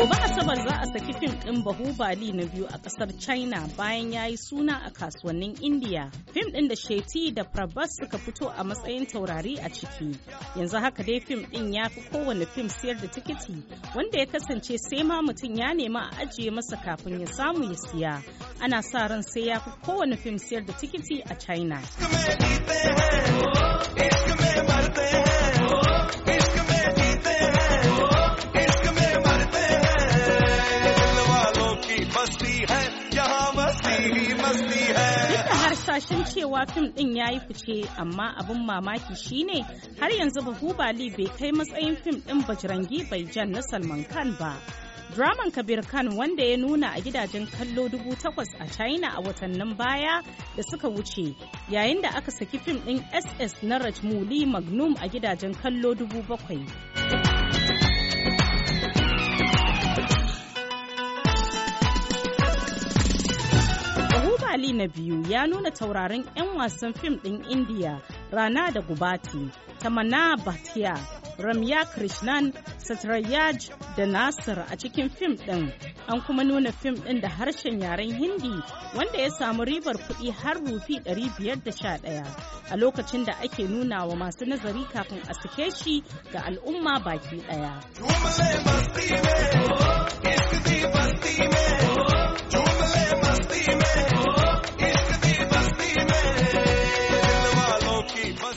Gobe Asabar za a saki fim ɗin Bahu Bali na biyu a ƙasar China bayan ya yi suna a kasuwannin India. Fim ɗin da Sheti da Prabhas suka fito a matsayin taurari a ciki. Yanzu haka dai fim ɗin ya fi kowane fim siyar da tikiti wanda ya kasance sai ma mutum ya nema a ajiye masa kafin ya samu ya siya. Ana sa ran sai ya fi kowane fim siyar da tikiti a China. है यहाँ duk cewa fim din ya yi fice amma abin mamaki shine har yanzu bahu bali bai kai matsayin fim din bajirangi bai jan na salman khan ba Draman Kabir Khan wanda ya nuna a gidajen kallo dubu takwas a China a watannin baya da suka wuce, yayin da aka saki fim din SS na Rajmuli Magnum a gidajen kallo dubu bakwai. Ali na biyu ya nuna taurarin 'yan wasan fim ɗin Indiya Rana da Gubati, Tamana Bhatia, Ramya Krishnan, Satrayaj da Nasir a cikin fim ɗin. An kuma nuna fim ɗin da harshen yaren Hindi wanda ya samu ribar kuɗi har rufi 511 a lokacin da ake nuna wa masu nazari kafin a sake shi ga al'umma baki ɗaya.